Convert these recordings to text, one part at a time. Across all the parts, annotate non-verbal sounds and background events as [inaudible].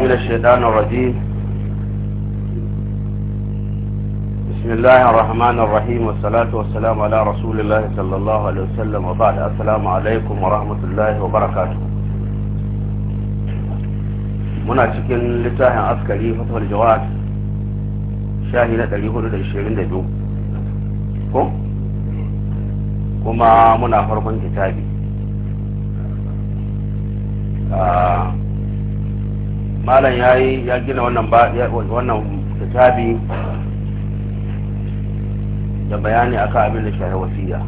من الشيطان الرجيم بسم الله الرحمن الرحيم والصلاة والسلام على رسول الله صلى الله عليه وسلم وبعد السلام عليكم ورحمة الله وبركاته muna cikin littafin askari fatawar jawad shahi na 422 ko kuma muna farkon kitabi malam ya yi ya gina wannan ba wannan kitabi da bayani akan abin da shahi wasiya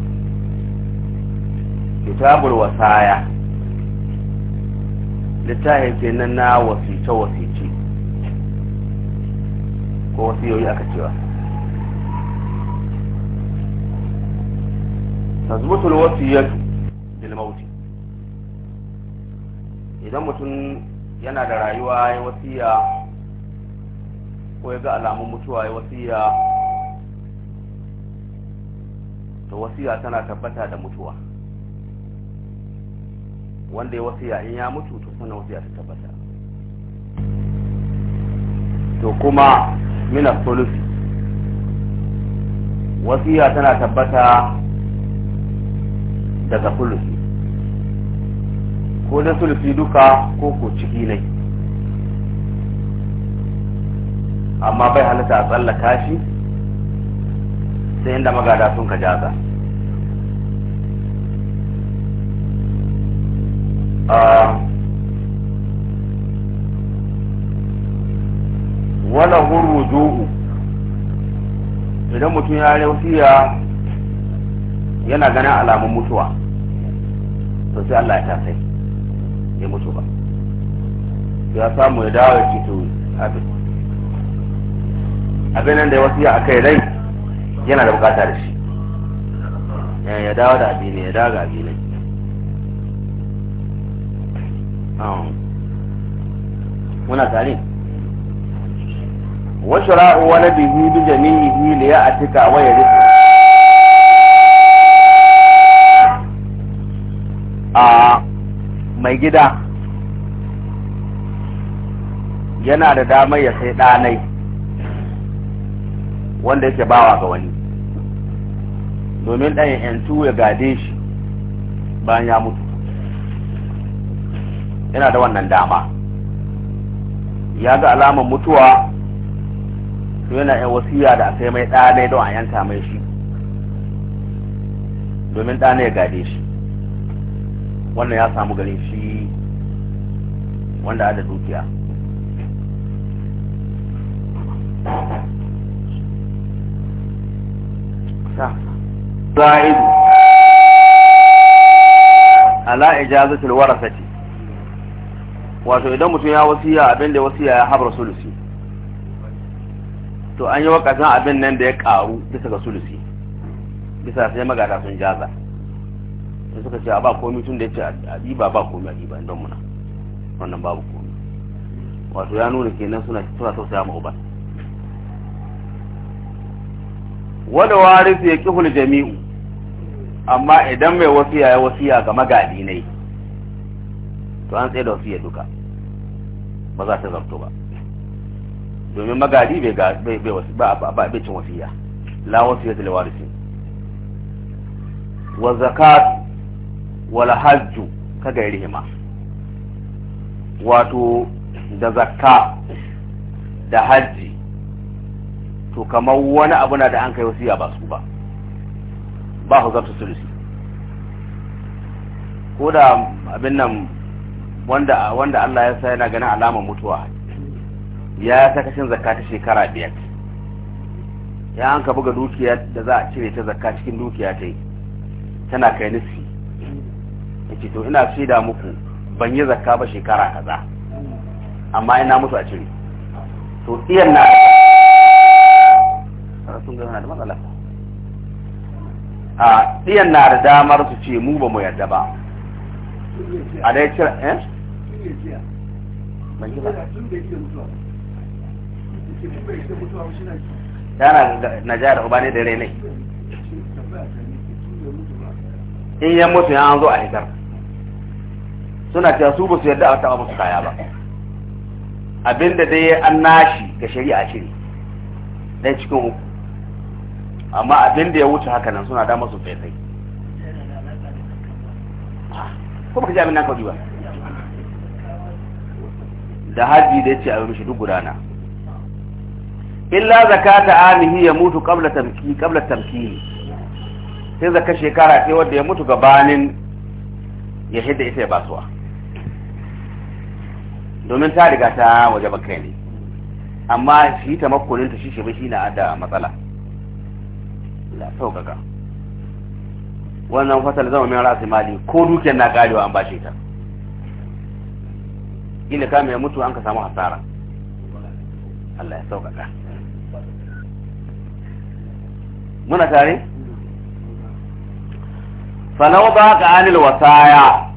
kitabul wasaya littafi kenan na wasice wasice ko wasiyoyi aka cewa tazbutul wasiyatu bil mauti idan mutum yana da rayuwa ya wasiya ko ya ga alamun mutuwa ya wasiya to wasiya tana tabbata da mutuwa wanda ya wasiya in ya mutu to suna wasiya ta tabbata to kuma mina solusi wasiya tana tabbata daga solusi ko na sulfi duka ko ko ciki ne amma bai halitta a tsallaka shi sai inda magada sun ka jaza ah, wala huru juhu idan mutum ya ya yana ganin alamun mutuwa to sai Allah ya tasai ya mutu ba ya samu ya dawo ya fito abin abin nan da ya wasiya a kai rai yana da bukata da shi ya dawo da abin ya dawo da abin ne muna tare wa shara'u wa nabihi bi jami'ihi li ya'tika wa yarifu mai gida yana da damar ya sai ɗanai wanda yake bawa ga wani domin ɗan yantu ya gade shi bayan ya mutu yana da wannan dama ya ga alamar mutuwa su yana yin wasiya da a sai mai ɗanai don a yanta mai shi domin ɗanai ya gade shi wannan ya samu garin shi wanda da dukiya za'idu ala ijazatul warasati wato idan mutum ya wasiya abin da wasiya ya habar sulusi to an yi wakasan abin nan da ya karu bisa ga sulusi bisa sai magada sun jaza da suka ce a ba komi tun da ya ce a ɗiba ba komi a ɗiba don muna wannan babu komi wato ya nuna kenan suna suna tausaya ma uban wanda warisu ya kihul jami'u amma idan mai wasiya ya wasiya ga magadi ne to an tsaye da wasiya duka ba za ta zarto ba domin magadi bai ba cin wasiya la wasiya da warisi wa zakatu wala hajju ka gairihima wato da zakka da hajji to kamar wani abu na da an kai wasiya ba su ba ba ku su sulusi ko da abin nan wanda wanda Allah ya sa yana ganin alamar mutuwa ya saka sakashin zakka ta shekara biyar ya an ka buga dukiya da za a cire ta zakka cikin dukiya ta yi tana kai nufi ce to ina shaida muku ban yi zakka ba shekara kaza amma ina mutu a cire to iyan na sun gana da matsala a iyan na da damar su ce mu ba mu yadda ba a dai cire eh ban yi ba yana na ja da uba ne da rai ne in ya mutu ya an zo a hitar suna cewa su ba su yarda a taba musu kaya ba abinda dai an nashi ga shari'a ce dai cikin uku amma abinda ya wuce haka nan suna dama su tsaye ko ka ji abin nan kawai ba da haji da yace a yi mishi duk gudana illa zakata amihi ya mutu qabla tamki qabla tamki sai zakar shekara sai wanda ya mutu gabanin ya hidda ita ya basuwa domin ta riga ta waje bakai ne amma shi ta makonin ta shi shi na da matsala la sauƙaƙa wannan fasal zama min rasu mali ko dukiyar na karewa an bashe ta ina ka mai mutu an ka samu hasara Allah ya sauƙaƙa muna tare falau ba ka anil wasaya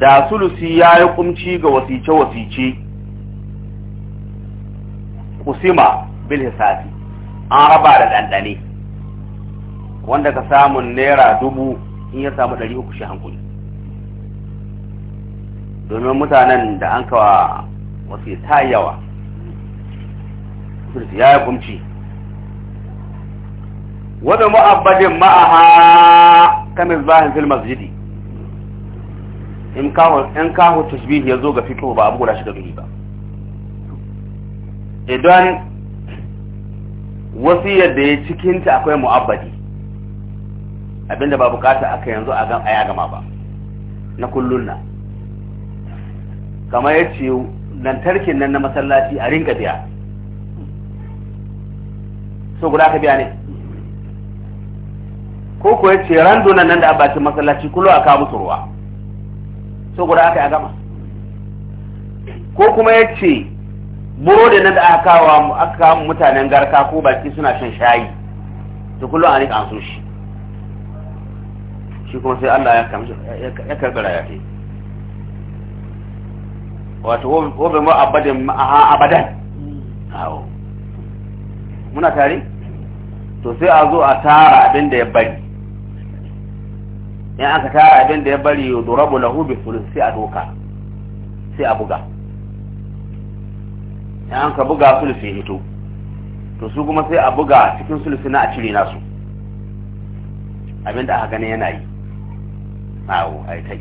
da sulusi ya yi kumci ga wasice-wasice kusima bilhisafi an raba da ɗanɗane wanda ka samun naira dubu in ya samu ɗari uku shi hankuli domin mutanen da an kawa wasu ta yawa sulusi ya yi kumci wani mu'abbadin ma'aha kamar zahin fil masjidi in kawon kawo tashbihi ya zo ga fito ba abu guda shi da ba idan wasiyar da ya cikin ta akwai mu'abbadi abinda ba bukata aka yanzu a gan aya gama ba na kullun na kamar yace lantarkin nan na masallaci a rinka biya so guda ka biya ne ko ko yace randunan nan da abacin masallaci kullu aka musu ruwa so guda aka ya gama ko kuma ya ce burodi na da aka kawo aka kawo mutanen garka ko baki suna shan shayi to kullum a rika an so shi shi kuma sai Allah ya kamshi ya karbi rayafi wato wobe mu abadin a abadan awo muna tare to sai a zo a tara abin da ya bari in aka tara abin da ya bari yudurabu na hubi sulus sai a doka sai a buga in an ka buga sulus ya hito to su kuma sai a buga cikin sulus na a cire nasu abin da aka gani yana yi awo ai kai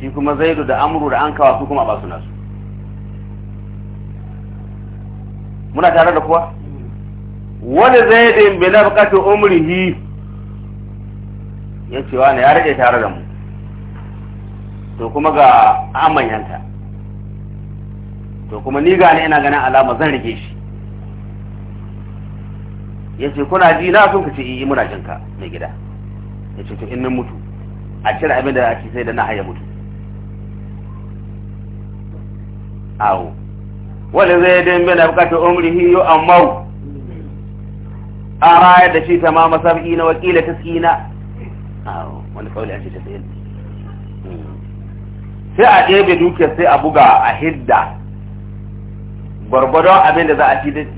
shi kuma zai da amuru da an kawa su kuma a basu nasu muna tare da kuwa mm. wani zaidin bi nafqati umrihi ya ce ne ya rage tare da mu to kuma ga amanyanta to kuma ni gane ina ganin alama zan rage shi ya ce kuna ji na sun ka ce yi muna jinka mai gida ya ce to in min mutu a cire abin da ake sai da na haya mutu awo wani zai dambe na bukatar umrihi yau amma a raya da shi ta ma masabi na wakila ta tsina wani kauli an ce ta tsayin hmm. sai a ɗebe dukiyar sai a buga a hidda gwargwadon abin da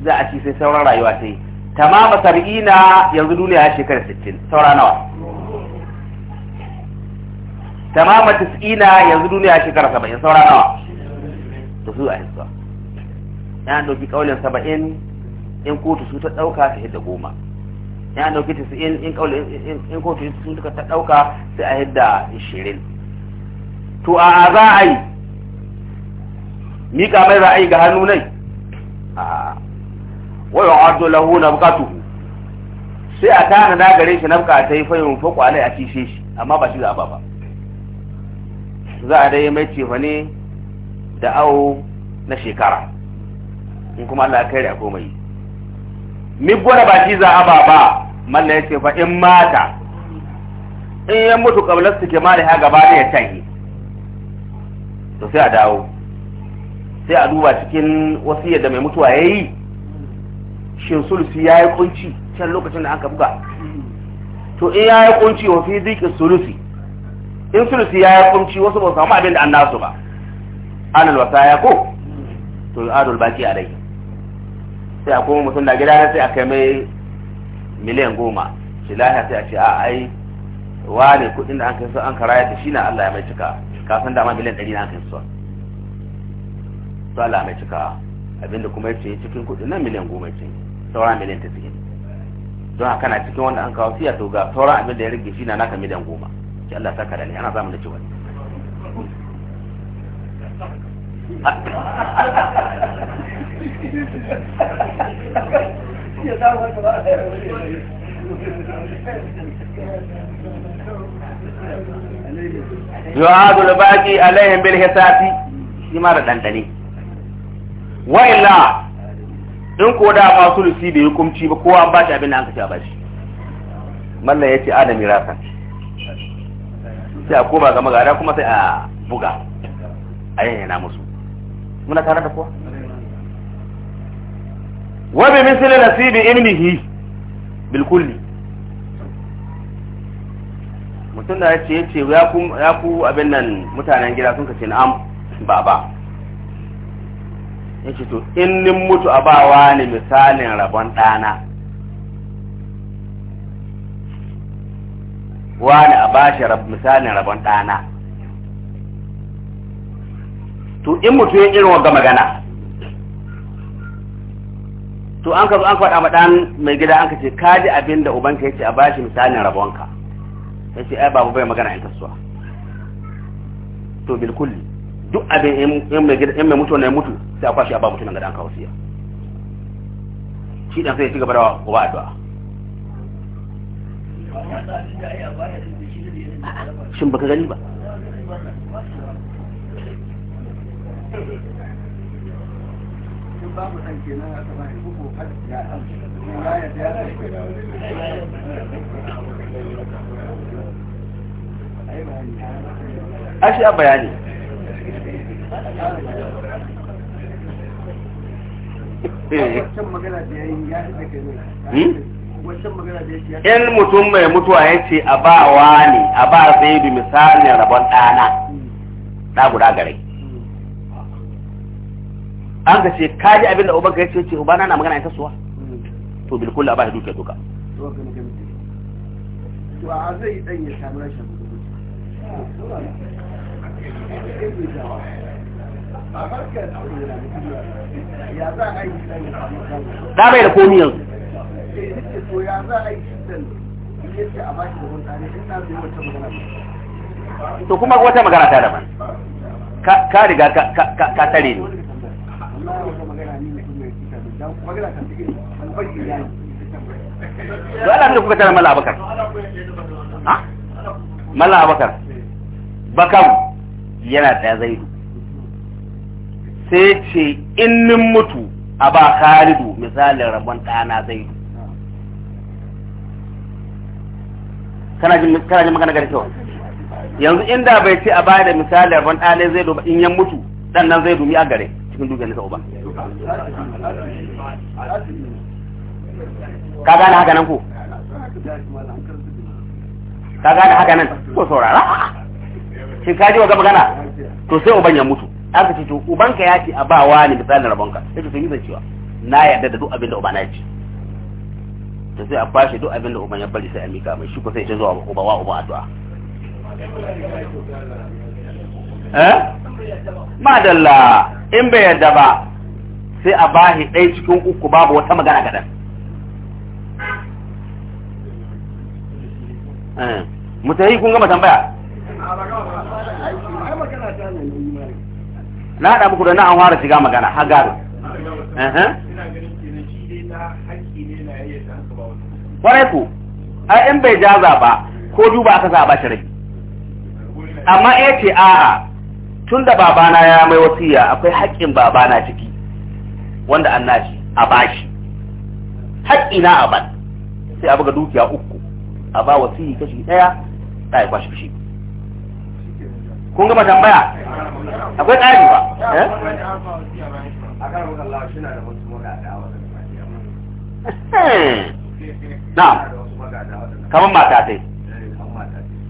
za a ci sai sauran rayuwa ta yi tamama sar'ina yanzu duniya ya shekara 60 saura nawa tamama tis'ina yanzu duniya ya shekara 70 saura nawa to su a hidda. ya doki kaulin 70 in kotu su ta ɗauka ta hidda goma ya dauki ta in in kotu sun suka ta dauka sai a hidda ishirin to a za a yi mika mai za a yi ga hannu nai a wayo yu'addu lahu nabqatuhu sai a tana da gare shi na ta yi fayin kwale a cishe shi amma ba shi za a ba ba za a dai mai cefa ne da awo na shekara in kuma Allah ya kai da komai ni gora ba shi za a ba ba malla ya ce fa in mata in ya mutu kablar su ke mali ha gaba da ya tahi to sai a dawo sai a duba cikin wasu yadda mai mutuwa ya yi shin sulusi ya yi kunci can lokacin da aka buga to in ya yi kunci wa fi zikin sulusi in sulusi ya yi kunci wasu ba samu abin da an nasu ba anal wasa ya ko to adul baki alai sai a koma mutum na gida sai a kai mai miliyan goma shi lahiya sai a ce a ai ne kudin da an kai su an karaya da shi na Allah ya mai cika kafin dama miliyan ɗari na an kai su Allah Allah mai cika abinda kuma ya ce cikin kudin nan miliyan goma ce sauran miliyan ta cikin don haka na cikin wanda an kawo siya to ga sauran abin da ya rage shi na naka miliyan goma shi Allah saka da ni ana zamu da cewa ya a yu'adu da baki alaihim bil sati shi ma da dandane wa illa in ko da masu lusi bai hukunci ba kowa an ba shi abin an kace a bashi mallan yace adam irasan sai a koma ga magana kuma sai a buga a na musu muna tare da kowa wa bi misli nasibi ilmihi bil kulli mutum da yace yace ya ku ya ku abin nan mutanen gida sun kace na'am ya yace to in nin mutu abawa ne misalin rabon dana ne a bashi misalin rabon dana to in mutu ya irin wa magana to an ka an faɗa maɗan mai gida an ka ce ka ji abin da ubanka ya ce a bashi misalin rabonka ya ce ai babu bai magana in kasuwa to bilkulli duk abin in mai gida in mai mutu ne mutu sai a kwashi a ba mutum gada an ka wasiya shi dan sai ya ci gaba da uba addu'a shin baka gani ba babu Ashi a bayani. Eh. Hmm? In mutum mai mutuwa ya ce a ba wa ne, a ba sai misali rabon ɗana, hmm. ɗa guda gare. an ka ce ka ji abin da ubanka ya ce ce ubana na magana ya tasowa to bilkul ba shi dukiya duka da bai da komi yanzu to kuma wata magana ta daban ka riga ka tare ne Dole da kuka tara Ha? Bakam yana ɗaya zaidu. Sai ce in nin mutu a ba Khalidu misalin rabon ɗana zaidu. Kana jin magana gari kyau? Yanzu inda bai ce a ba da misalin rabon ɗana zaidu ba in yan mutu dan nan zaidu mi a gare cikin dukiyar nisa uban. ka gane haka nan ko ka gane haka nan ko saurara shi ka ji wa to sai uban ya mutu aka ce to ubanka ya ce a ba wa ne misalin rabonka sai sun yi zancewa na yarda da duk abin da ubana ya ce to sai a fashe duk abin da uban ya bari sai a mika mai shi ko sai ya zuwa uba wa uba addu'a eh madalla in bai yarda ba sai a bahi ɗaya cikin uku babu wata magana gadan eh, mutahi kun gama tambaya na haɗa muku da na an fara shiga magana ha gado kwarai ku ai in bai jaza ba ko duba aka sa ba shi rai amma ya ce a'a tun da babana ya mai wasiya akwai haƙƙin babana ciki wanda an nashi a bashi har ina a ban sai a buga dukiya uku a ba wasiyi kashi ɗaya da ya kwashi kashi kun gama tambaya akwai tsari ba eh? [laughs] na kamar mata tai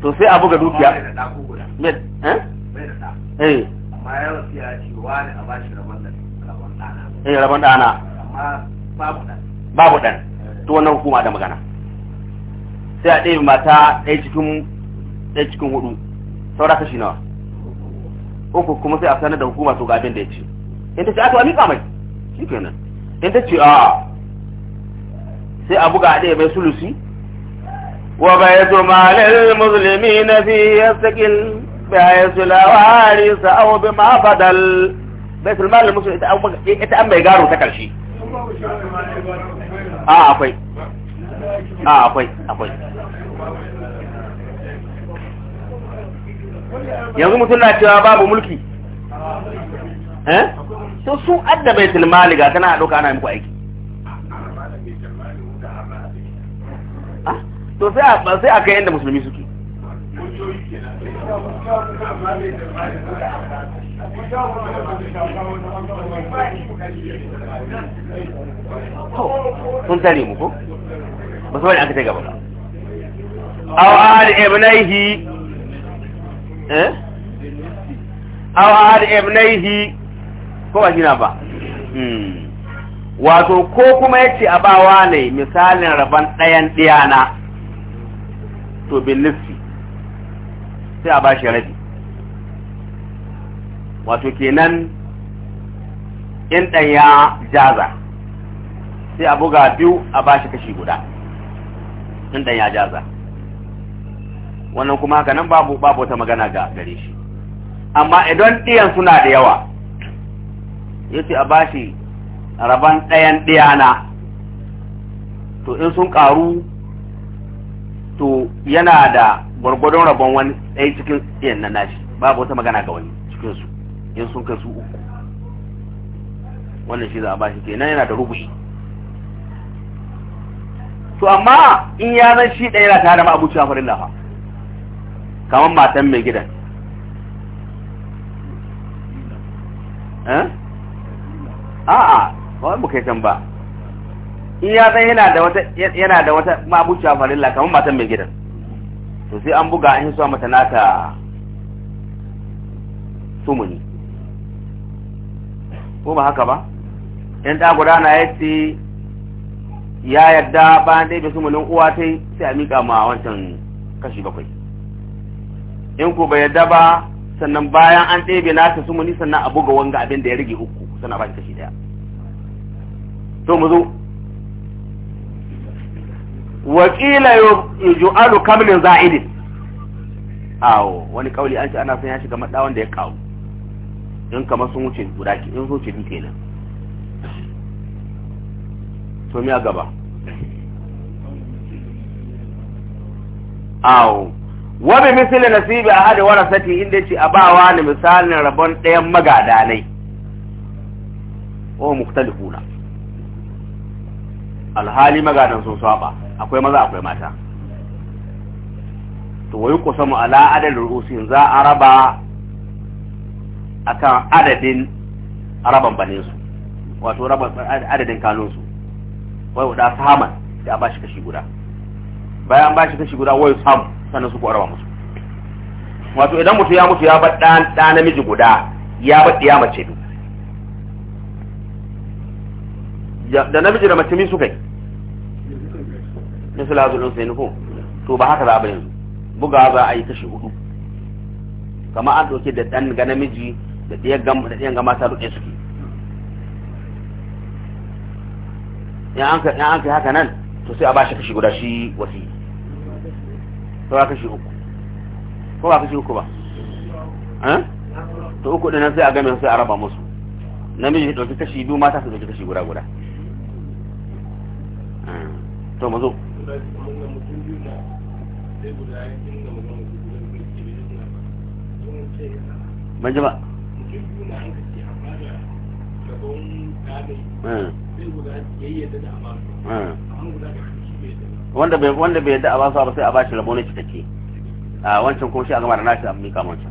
to sai a buga dukiya eh? eh amma ya ce wani a bashi rabon da eh rabon ana babu dan to wannan hukuma da magana sai a ɗaya mata ɗaya cikin ɗaya cikin hudu saura kashi nawa uku kuma sai a sanar da hukuma to ga abin da ya ce in ta ce a a wani mai shi kenan in ta ce a sai a buga a ɗaya mai sulusi وبيت مال المسلمين فيه يستقل بحيث لا وارث bi ma بدل bai sulman muslim ita ita an bai garo ta karshe a akwai a akwai akwai yanzu mutum na cewa babu mulki eh to su adda bai sulman ga tana doka ana muku aiki ah, to sai a sai a kai inda musulmi suke sun tare muku? ba su wani aka ta gaba ba Awa da ibnaihi eh Awa da ibnaihi ko ba shi na ba hmm. wato ko kuma yace abawa ne misalin raban ɗayan ɗiyana to bin nufi. sai a bashi rabi wato kenan in ɗan ya jaza sai a buga biyu a bashi kashi guda in ɗan ya jaza wannan kuma haka nan babu babu wata magana ga gare shi amma idan ɗiyan suna da yawa yace a bashi raban ɗayan ɗiyana to in sun ƙaru to yana da gwargwadon rabon wani ɗaya cikin tsayen na nashi babu wata magana ga wani cikin su in sun kai su uku wannan shi za a bashi kenan yana da rubushi to amma in ya zan shi ɗaya yana tare da ma'abucin farin lafa kamar matan mai gidan eh? a'a wani bukai can ba in ya zan yana da wata ma'abucin farin lafa kamar matan mai gidan to sai an buga an suwa mata nata sumuni ko ba haka ba in ta gudana ya ce ya yadda bayan daidai sumunin uwa ta sai a miƙa ma wancan kashi bakwai in ku bai yadda ba sannan bayan an ɗebe nata sumuni sannan a buga wanga abin da ya rage uku sannan ba shi kashi daya to mu zo wakila yu'alu kamlin za'idin awo wani kauli an ce ana son shiga maɗa ya kawo in kamar sun wuce guda ki in wuce duke nan to miya gaba awo wabi misali nasibi a hada warasati inda ce a bawa ni misalin rabon ɗayan magadanai o muktalifuna alhali magadan sun saba akwai maza akwai mata to wai kusa mu ala adadin rusin za a raba akan adadin raban baninsu wato raba adadin kanunsu wai guda saman da ba bashi kashi guda bayan bashi kashi guda wai samu sannan su ko raba musu wato idan mutu ya mutu ya bar ɗan namiji guda ya bar ɗiya mace duk da namiji da mace min suka yi misal azulun sai ko to ba haka za ba yanzu buga za a yi kashi hudu kama an ɗauke da ɗan ga namiji da ɗiyan ga mata duɗe suke in an kai haka nan to sai a ba shi kashi guda shi wasi to ba kashi uku ko ba kashi uku ba eh? to uku nan sai a game sai a raba musu namiji ya ɗauki kashi biyu mata su ɗauki kashi guda guda eh. to mazo zo wanda bai wanda bai yadda a ba su ba sai a ba shi rabo ne cikakke a wancan kuma shi a gama da nashi a mika wancan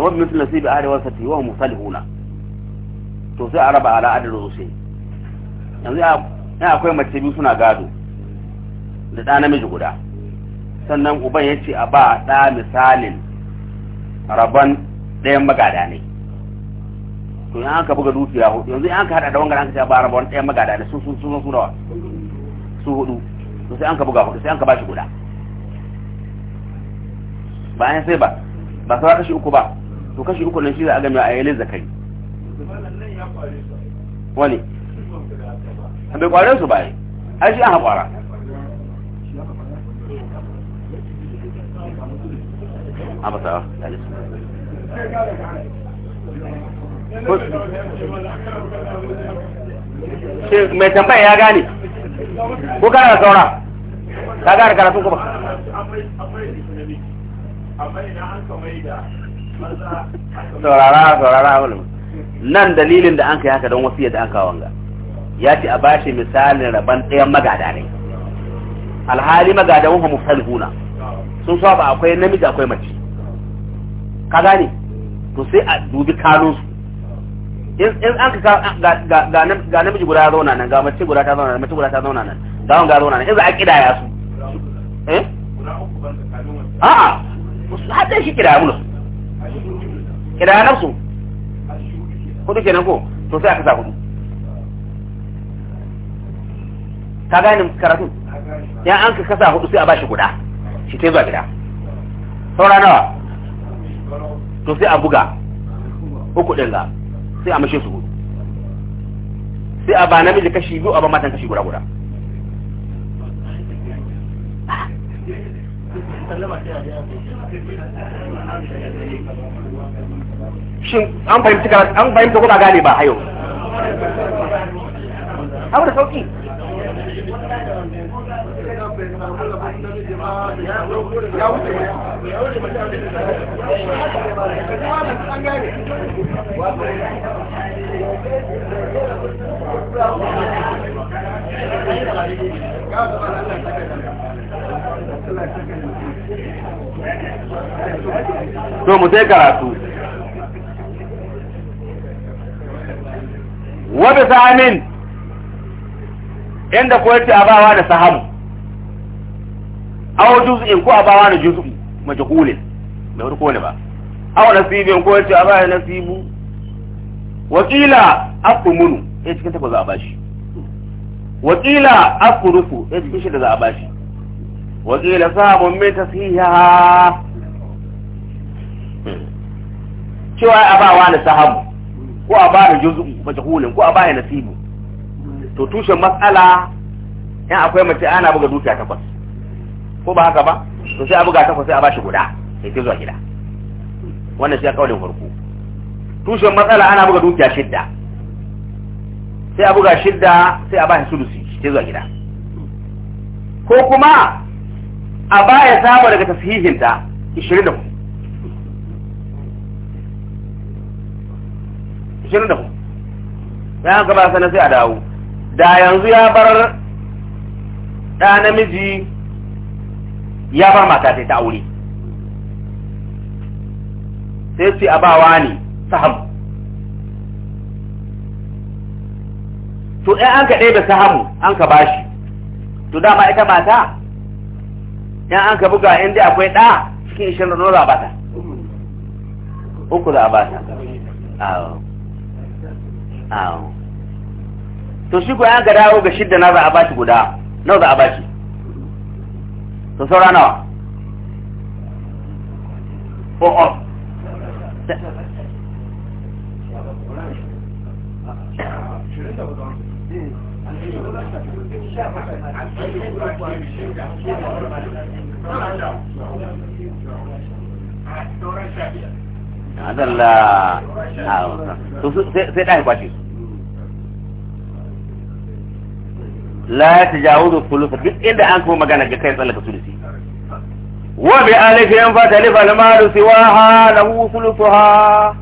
wani mutum na sibi ahari wasa fi wani musali huna to sai a raba ala adadin rusai yanzu ya akwai mace biyu suna gado da ɗa namiji guda sannan uban ya ce a ba ɗa misalin rabon ɗayan magada ne to yan aka buga dukiya hudu yanzu yan aka hada da wangar aka ce ba rabon ɗayan magada ne su sun sun su nawa su hudu to sai an ka buga hudu sai an ka bashi guda bayan sai ba ba sauran shi uku ba to kashi uku nan shi za a game a yalin zakari wani bai kware su bai a shi an kwara a basawa ya ji mai tambaya ya gane ko kana da saura ka gane karatu kuma amma idan an saurara saurara wani nan dalilin da an kai haka don wasiyar da an kawo wanga ya ce a bashi misalin rabon ɗayan magada ne alhali magadan hu huna sun saba akwai namiji akwai mace ka gane to sai a dubi kanun su in an ka ga namiji guda zauna nan ga mace guda ta zauna nan mace guda ta zauna nan ga wanga zauna nan in za a kidaya su eh a'a su hadda shi kidaya mu idan nafsu hudu kenan ko to sai aka sa hudu ka gane karatu ya an ka kasa hudu sai a bashi guda shi sai zuwa gida saura nawa to sai a buga uku ɗin ga sai a mashe su hudu sai a ba namiji kashi biyu a ba matan kashi guda guda shin an fahimci an fahimta ba gane ba hayo abu to mu sai karatu wadda samin inda ko yace abawa da sahamu aw juz'in ko abawa da juz'i majhulin bai ruko ne ba aw nasibin ko yace abawa nasibu wakila aqumunu eh cikin takwas a bashi wakila aqurufu eh cikin da za a bashi wakila sahamun min tasiha cewa abawa da sahamu ko a bada juz'u majhulin ko a bada nasibu to tushen matsala in akwai mace ana buga dukiya takwas ko ba haka ba to sai a buga takwas sai a bashi guda sai ke zuwa gida wannan shi ya kaulin farko tushen matsala ana buga dukiya shidda sai a buga shidda sai a bashi sulusi sai zuwa gida ko kuma a baya saba daga da 24 shirin da ku ya gaba sana sai a dawo da yanzu ya bar ɗa namiji ya bar mata sai ta aure sai ce a bawa ne sahamu to in an ka ɗaya da sahamu an ka bashi to dama ita mata in an ka buga inda akwai ɗa cikin ishirin da nuna ba ta uku za a ba ta to shi ko an ga dawo ga shidda na za a bashi guda nawa za a bashi to saura nawa o o Adalla, sai ɗaya kwace su. la tajawuzu sulusa duk inda an kuma magana ga kai tsallaka sulusi wa bi alifi yan fata lifa al-maru siwaha lahu